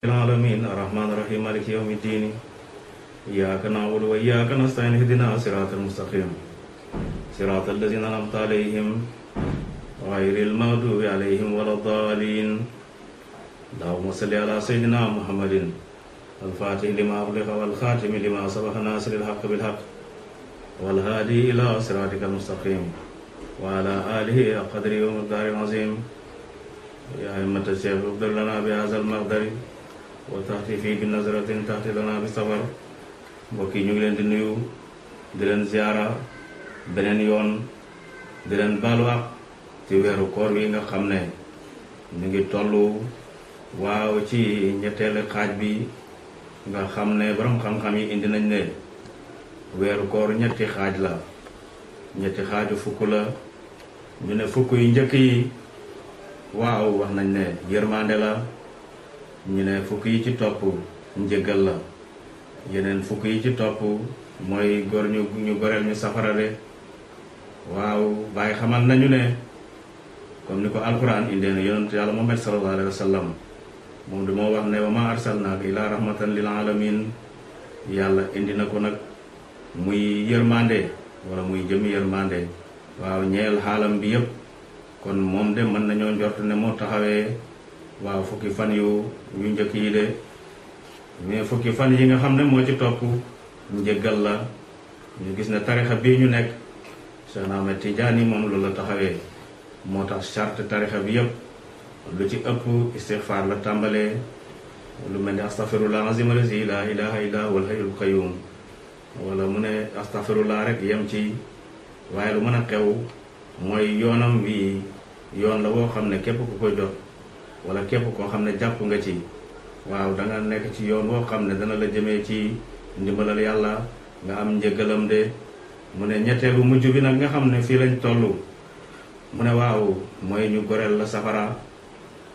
العالمين الرحمن الرحيم مالك يوم الدين إياك نعبد وإياك نستعين اهدنا صراط المستقيم صراط الذين أنعمت عليهم غير المغضوب عليهم ولا الضالين اللهم صل على سيدنا محمد الفاتح لما أغلق والخاتم لما سبق ناصر الحق بالحق والهادي إلى صراطك المستقيم وعلى آله قدر يوم الدار العظيم يا أئمة الشيخ اغفر لنا بهذا المقدر wa taxti fii bi nazratin taxti lana bi safar mbokk yi ñu ngi leen di nuyu di leen ziara beneen yoon di leen baalu ci weeru koor wi nga xam ne ñu ngi toll waaw ci ñetteelu xaaj bi nga xam ne borom xam-xam yi indi nañ ne weeru koor ñetti xaaj la ñetti xaaju fukk la ñu ne fukk yi njëkk yi waaw wax nañ ne yërmande la ñu ne fukk yi ci topp njëgal la yeneen fukk yi ci topp mooy gor ñu ñu goreel ñu safara de waaw bàyyi xamal nañu ne comme ni ko alquran indee na yonent yàlla Muhammad sallallahu alayhi wa moom du moo wax ne wa ma arsalnaaka ila rahmatan lil alamin yàlla indi na ko nag muy yërmande wala muy jëmi yërmande waaw ñeel xaalam bi yépp kon moom de mën nañoo njort ne moo taxawee waaw fukki fan yu yu njëkk yi de mais fukki fan yi nga xam ne moo ci topp njëggal la ñu gis na tarixa bi ñu nekk Cheikh Ahmed Tidiane moom loolu la taxawee moo tax charte tarixa bi yépp lu ci ëpp istixfaar la tàmbalee lu mel ne astafirullah azim alazi la ilaha illa huwal hayyul qayyum wala mu ne astafirullah rek yem ci waaye lu mën a xew mooy yoonam wi yoon la woo xam ne képp ku ko jot wala képp koo xam ne jàpp nga ci waaw da nga nekk ci yoon woo xam ne dana la jëmee ci ndimbalal yàlla nga am njëgalam de mu ne ñetteelu mujj bi nag nga xam ne fii lañ toll mu ne waaw mooy ñu goreel la safara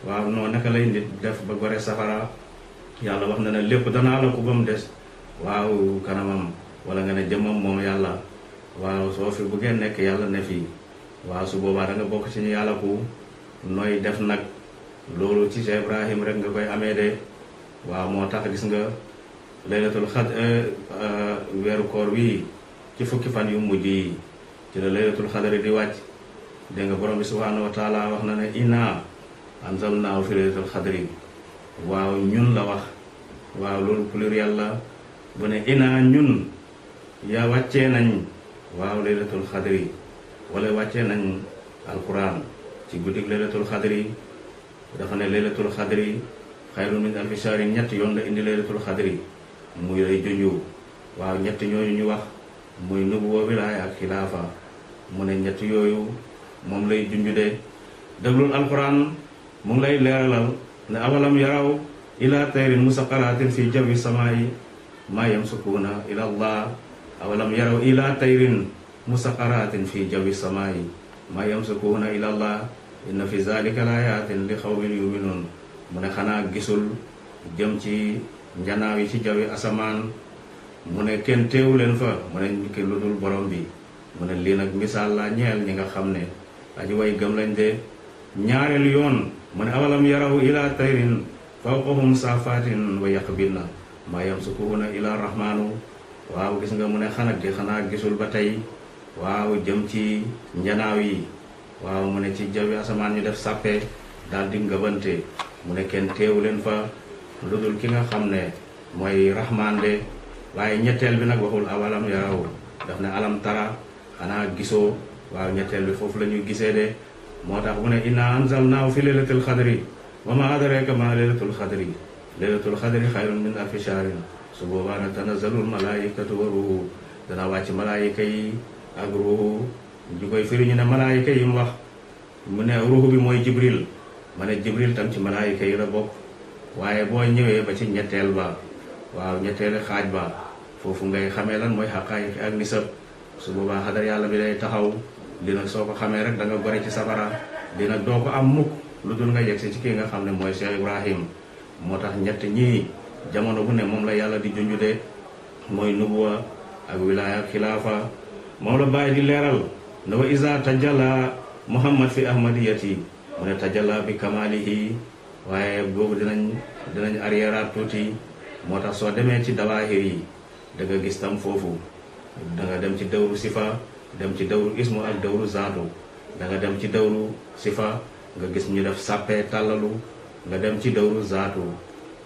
waaw noo naka lay nit def ba gore safara yàlla wax na ne lépp danaa la ko ba mu des waaw kanamam wala nga ne jëmmam moom yàlla waaw soo fi bëggee nekk yàlla ne fii waaw su boobaa da bokk ci ñu yàlla ku nooy def nag loolu ci Cheikh Ibrahim rek nga koy amee de waaw moo tax gis nga laylatul xad euh, euh, weeru koor wi ci fukki fan yu mujj yi ci la laylatul xadari di wàcc dégg nga borom bi subhaanahu wa wax na ne inna anzalnaahu fi laylatul xadri waaw ñun la wax waaw loolu pluriel la bu ne ina ñun yaa wàcce nañ waaw laylatul xadri wala wàccee nañ alquran ci guddig laylatul xadri dafa ne laylatul xadri yi xayrun min alfi shahrin ñett yoon la indi laylatul xadri yi muy lay junju waaw ñett ñooñu ñu wax muy nubuwa wilaaya ak xilaafa mu ne ñett yooyu moom lay junju de déglul alquran mu ngi lay leeralal ne awalam yaraw ila tayrin musaqaratin fi jawi samaayi maa yamsukuuna ila allah awalam yaraw ila tayrin musaqaratin fi jawi samaayi maa yamsukuuna ila allah inna fi zalika la yaatin li xawmin yuminoon mu ne xanaa gisul jëm ci njanaaw yi ci jawi asamaan mu ne kenn teewu leen fa mu ne ki lu dul borom bi mu ne lii nag misaal laa ñeel ñi nga xam ne aji way gëm lañ de ñaareel yoon mu ne awalam yaraw ila tayrin fawqahum saafaatin wa yaqbinna maa yamsukuhuna ila rahmaanu waaw gis nga mu ne xanaa gi xanaa gisul ba tey waaw jëm ci njanaaw yi waaw mu ne ci jawi asamaan ñu def sàppe daal di ngëbante mu ne kenn teewu leen fa lu dul ki nga xam ne mooy rahmaan de waaye ñetteel bi nag waxul awalam yaraw daf ne alam tara xanaa gisoo waaw ñetteel bi foofu la ñuy gisee de moo tax mu ne inna anzalnaahu fi leylatul xadri wa ma adraka ma leylatul xadri leylatul xadri xayrun min alfi shahrin su boobaa nag tanazzalul malaayikatu wa ruuhu dana wàcc malaayika yi ak ruuhu ñu koy firi ñu ne malaayika yi mu wax mu ne ruux bi mooy jibril ma ne jibril tam ci malaayika yi la bokk waaye boo ñëwee ba ci ñetteel ba waaw ñetteeli xaaj ba foofu ngay xamee lan mooy xaqaayiq ak nisab su boobaa xadar yàlla bi day taxaw dina soo ko xamee rek da bari ci sabara dina doo ko am mukk lu dul nga yegsi ci kii nga xam ne mooy Cheikh Ibrahim moo tax ñett ñii jamono bu ne moom la yàlla di junjude mooy nubuwa ak wilaaya ak xilaafa ne wa isa tajala muhammad fi ahmadiyati mu ne tajala bi kamalihi waaye boobu danañ dinañ arrière tuuti moo tax soo demee ci dawaahir yi da nga gis tam foofu danga dem ci dawru sifa dem ci dawru ismu ak dawru zaatu da nga dem ci dawru sifa nga gis ñu def sàppee tàllalu nga dem ci dawru zaatu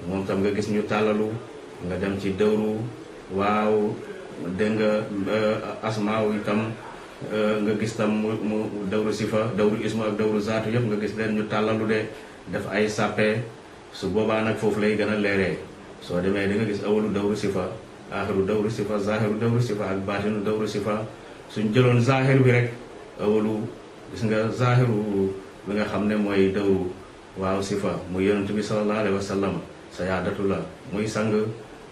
moom tam nga gis ñu tàllalu nga dem ci dawru waaw dégg nga euh, asmaaw tam Euh, nga gis tam mu mu dawru sifa dawru isma ak dawru zaatu yëpp nga gis leen ñu tàllalu de def ay sàppe su boobaa nag foofu lay gën a leere soo demee di nga gis awalu dawru fa aaxiru dawru sifa zaahiru dawru sifa ak baatinu si fa suñ jëloon zaahir bi rek awalu gis nga zaahiru bi nga xam ne mooy dawru waaw sifa muy yonent bi sallallahu alayhi sa sallam sayaadatu la muy sang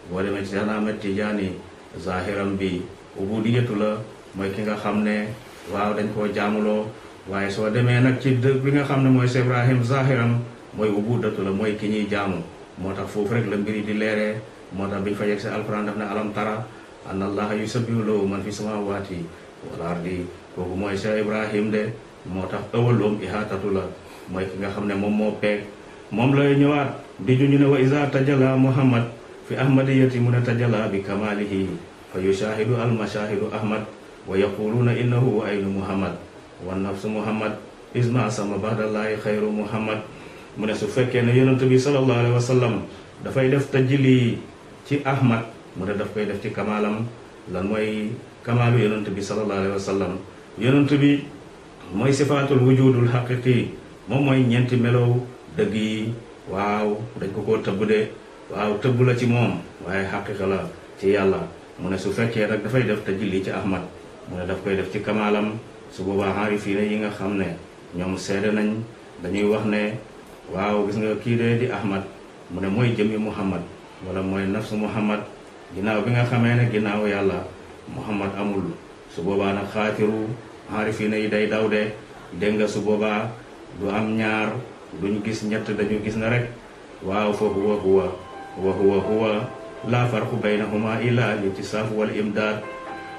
boo demee ci ma Ahmed Tijaani zaahiram bi ubudiyatu la mooy ki nga xam ne waaw dañ koo jaamuloo waaye soo demee nag ci dëgg bi nga xam ne mooy Cheikh Ibrahim zahiram mooy ubudatu la mooy ki ñuy jaamu moo tax foofu rek la mbiri di leeree moo tax biñ fa yegg si daf ne alam tara anna allaha yusabbihu lahu man fi sama samawati wal ardi kooku mooy Cheikh Ibrahim de moo tax ëwaloom ihaatatu la mooy ki nga xam ne moom moo peeg moom lay ñëwaat di juñu ne wa isa tajala muhammad fi ahmadiyati mu ne tajala bi kamalihi fa yushahidu al mashahidu ahmad na yaquluuna innahu aynu muhammad wa nafsu muhammad isma sama badallaahi xayru muhammad mu ne su fekkee ne yonent bi sallallahu alayhi wa sallam dafay def tajli ci ahmad mu ne daf koy def ci kamaalam lan mooy kamaalu yonent bi sallallahu alayhi wa sallam yonent bi mooy sifaatul wujudul xaqiqi moom mooy ñeenti melow dëgg yi waaw dañ ko ko tëbb de waaw tëbb la ci moom waaye xaqiqa la ci yàlla mu ne su fekkee rek dafay def tajli ci ahmad mu ne daf koy def ci kamaalam suboobaa boobaa aarifiina yi nga xam ne ñoom seede nañ dañuy wax ne waaw gis nga kii de di ahmad mu ne mooy jëmmi muhammad wala mooy nafsu muhammad ginnaaw bi nga xamee ne ginnaaw yàlla muhammad amul su boobaa nag xaatiru aarifiina yi day daw de dégg nga su boobaa du am ñaar duñ gis ñett dañu gis na rek waaw fa huwa huwa wa huwa huwa laa farqu baynahuma illaa al-ittisaaf wal imdaad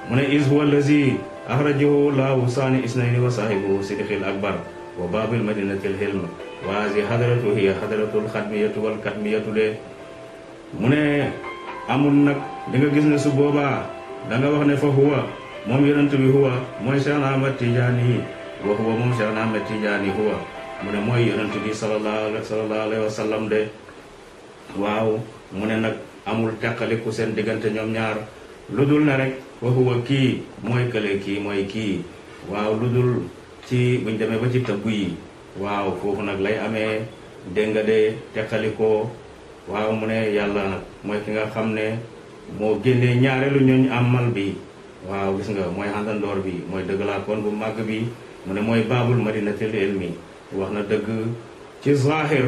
mu ne is huwa allazi axrajahu laahu saani isnayni wa saahibuhu sidixil akbar wa baabil madinatil hilm waasi xadaratu hiya xadaratul xadmiyatu wal katmiyatu de mu ne amul nag di gis ne su boobaa da wax ne fa huwa moom yonent bi huwa mooy Cheikh Ahmad Tijaani yi wa huwa moom Cheikh Ahmad Tijaani huwa mu ne mooy yonent bi sallallahu alayhi wa sallam de waaw mu ne nag amul teqaliku seen diggante ñoom ñaar lu dul na rek waxuwa kii mooy kële kii mooy kii waaw lu dul ci buñ demee ba ci tëggu yi waaw foofu nag lay amee dégg nga de teqalikoo waaw mu ne yàlla nag mooy ki nga xam ne moo génnee ñaareelu ñooñ amal bi waaw gis nga mooy àndandoor bi mooy dëgg laa kon bu màgg bi mu ne mooy baabul madinatil ilmi wax na dëgg ci zahir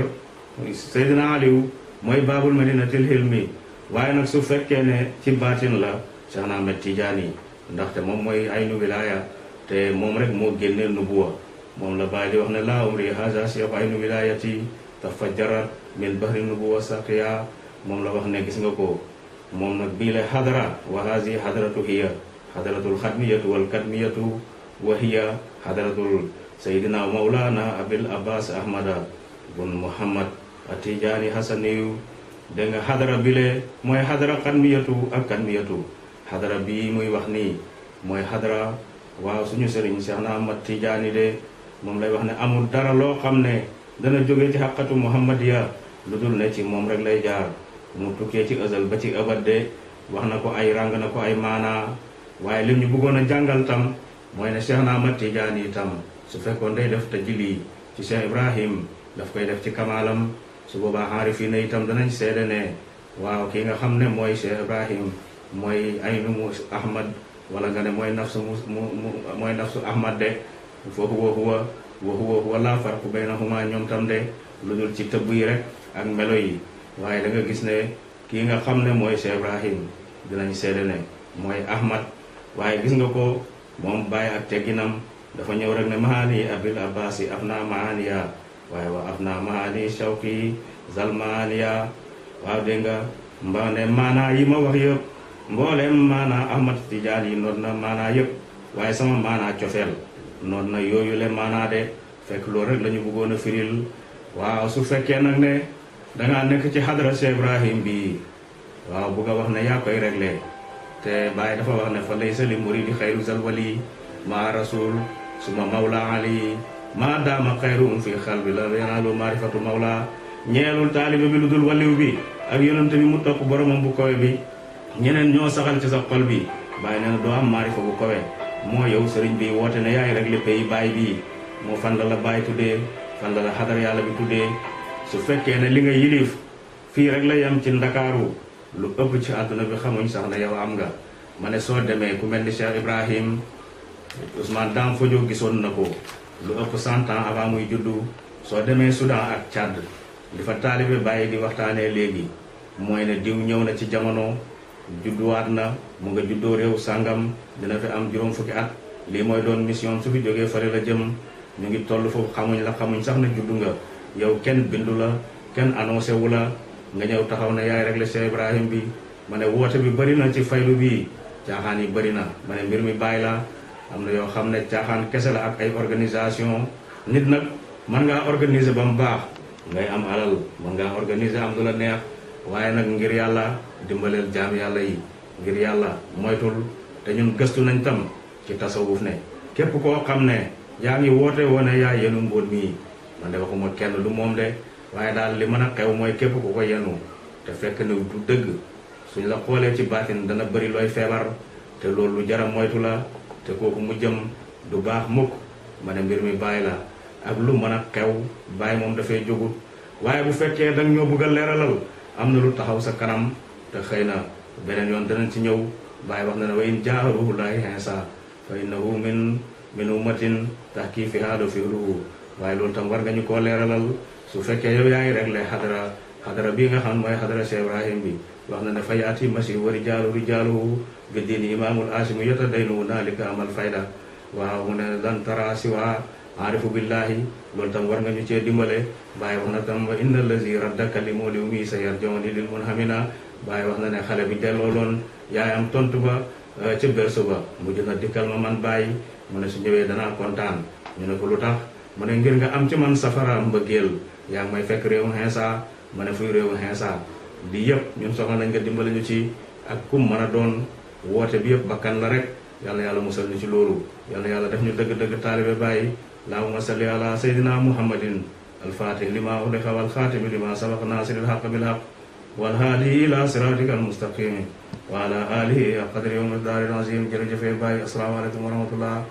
Seydina Aliou mooy baabul madinatil ilmi waaye nag su fekkee ne ci baatin la Cheikh Ahmed Tidiane ndaxte moom mooy aynu wilaaya te moom rek moo génnee nubuwa moom la bàyyi wax ne laa umri haza cheikh aynu wilaayati tafajjarat min bahri nubuwa saqiya moom la wax ne gis nga ko moom nag bii la xadara wa hazi xadaratu hiya xadaratul xadmiyatu wal kadmiyatu wa hiya xadaratul sayidina mawlana abil abbas ahmada bun muhammad atijaani hasaniyu da nga xadara bile mooy xadara xadmiyatu ak kadmiyatu xadara bii muy wax nii mooy xadara waaw suñu sëriñ Seex na am Ahmad Tijaani de moom lay wax ne amul dara loo xam ne dana jóge ci xaqatu muhammadiya lu dul ne ci moom rek lay jaar mu tukkee ci ësal ba ci abad de wax na ko ay ràng na ko ay maanaa waaye lim ñu bëggoon a jàngal tam mooy ne Seex na Ahmad Tijaani itam su fekkoon day def tajili ci Seex Ibrahim daf koy def ci kamaalam su boobaa xaari fii ne itam danañ seede ne waaw kii nga xam ne mooy Seex Ibrahim mooy ay nu mu ahmad wala nga ne mooy nafsu mu mu mooy nafsu ahmad de fa huwa huwa wa huwa huwa laa farqu baynahuma ñoom tam de lu dul ci tëbb yi rek ak melo yi waaye danga gis ne kii nga xam ne mooy Cheikh Ibrahim dinañ seede ne mooy ahmad waaye gis nga ko moom bàyyi ak tegginam dafa ñëw rek ne mahaani abil abbas yi af naa mahaaniya waaye waa af naa mahaani shawki zal mahaaniya waaw dégg nga ne maanaa yi ma wax yëpp mboolem maanaa ahmad tijaan yi noot na maanaa yëpp waaye sama maanaa cofeel noot na yooyu le maanaa de fekk loolu rek la ñu bëggoon a firil waaw su fekkee nag ne dangaa nekk ci xadara Cheikh Ibrahim bi waaw bëgg wax na yaa koy réglé te Baye dafa wax ne fa laysa li muridi xayru zalwali maa rasul suma mawla ali maa daama xayrum fi xal bi la yanaalu maarifatu mawla ñeelul taaliba bi lu dul waliw bi ak yonent bi mu topp boromam bu kowe bi ñeneen ñoo saxal ci sa xol bi bàyyi nee na doo am maarifa bu kawe moo yow sëriñ bi woote ne yaay rek lépp yi bàyyi bii moo fan la la bàyyi tuddee fan la la xadar yàlla bi tuddee su fekkee ne li nga yilif fii rek la yam ci ndakaaru lu ëpp ci àdduna bi xamuñ sax na yow am nga ma ne soo demee ku mel ni Cheikh Ibrahim Ousmane Dam Fodio gisoon na ko lu ëpp cent ans avant muy juddu soo demee Soudan ak Tchad li fa taalibe bàyyi di waxtaanee léegi mooy ne diw ñëw na ci jamono judduwaat na mu nga juddoo réew sàngam dina fi am juróom fukki at lii mooy doon mission su fi jógee fare la jëm ñu ngi toll foofu xamuñ la xamuñ sax na juddu nga yow kenn bindu la kenn annoncé wu la nga ñëw taxaw na yaay réglé Cheikh Ibrahim bi ma ne woote bi bëri na ci faylu bii caaxaan yi bëri na ma ne mbir mi bàyyi la am na yoo xam ne caaxaan kese la ak ay organisation nit nag mën ngaa organiser ba mu baax ngay am alal mën ngaa organiser am du neex waaye nag ngir yàlla dimbaleel jaam yàlla yi ngir yàlla moytul te ñun gëstu nañ tam ci tasawuf ne képp koo xam ne yaa ngi woote wone yaa yenu mbóot mii man de waxuma kenn lu moom de waaye daal li mën a xew mooy képp ku ko yenu te fekk ne du dëgg suñ la xoolee ci baatin dana bëri looy feebar te loolu lu jara moytu la te kooku mu jëm du baax mukk ma ne mbir mi bàyyi la ak lu mën a xew bàyyi moom dafay jógut waaye bu fekkee danga ñoo bëgg a leeralal am na lu taxaw sa kanam te xay na beneen yoon danañ ci ñëw bàyyi wax na ne wa in jaaruhu laa insa fa innahu min min ummatin tahkiifihaa du fi'luhu waaye loolu tam war nga ñu koo leeralal su fekkee yow yaa ngi rek lay xadara xadara bii nga xam mooy xadara Cheikh Ibrahim bi wax na ne fa yaati masi wa rijaalu rijaaluhu bi diini imaamul aasimu yota daynu naalika amal fayda waaw mu ne lan tara siwaa aarifu billahi loolu tam war nga ñu cee dimbale bàyyi wax na tam wa inna lazi raddaka li moo liw mii sa yar jawni lil mun hamina bàyyi wax na ne xale bi delloo loon yaayam tontu ba euh, ca berse ba mujj na dikkal ma man bàyyi mu ne su ñëwee danaa kontaan ñu ne ko lu tax mu ne ngir nga am ci man safara mbëggeel yaa ngi may fekk réewu xeesa ma ne fuy réewu xeesa di yëpp ñun soxla nañ nga dimbale ñu ci ak kum mën a doon woote bi yëpp bakkan la rek yàlla yàlla musal ñu ci loolu yàlla yàlla def ñu dëgg-dëgg taalibe bàyyi اللهم صل على سيدنا محمد الفاتح لما أغلق والخاتم لما سبق ناصر الحق بالحق والهادي إلى صراطك المستقيم وعلى آله قدر يوم الدار العظيم جل جفير باي السلام عليكم ورحمة الله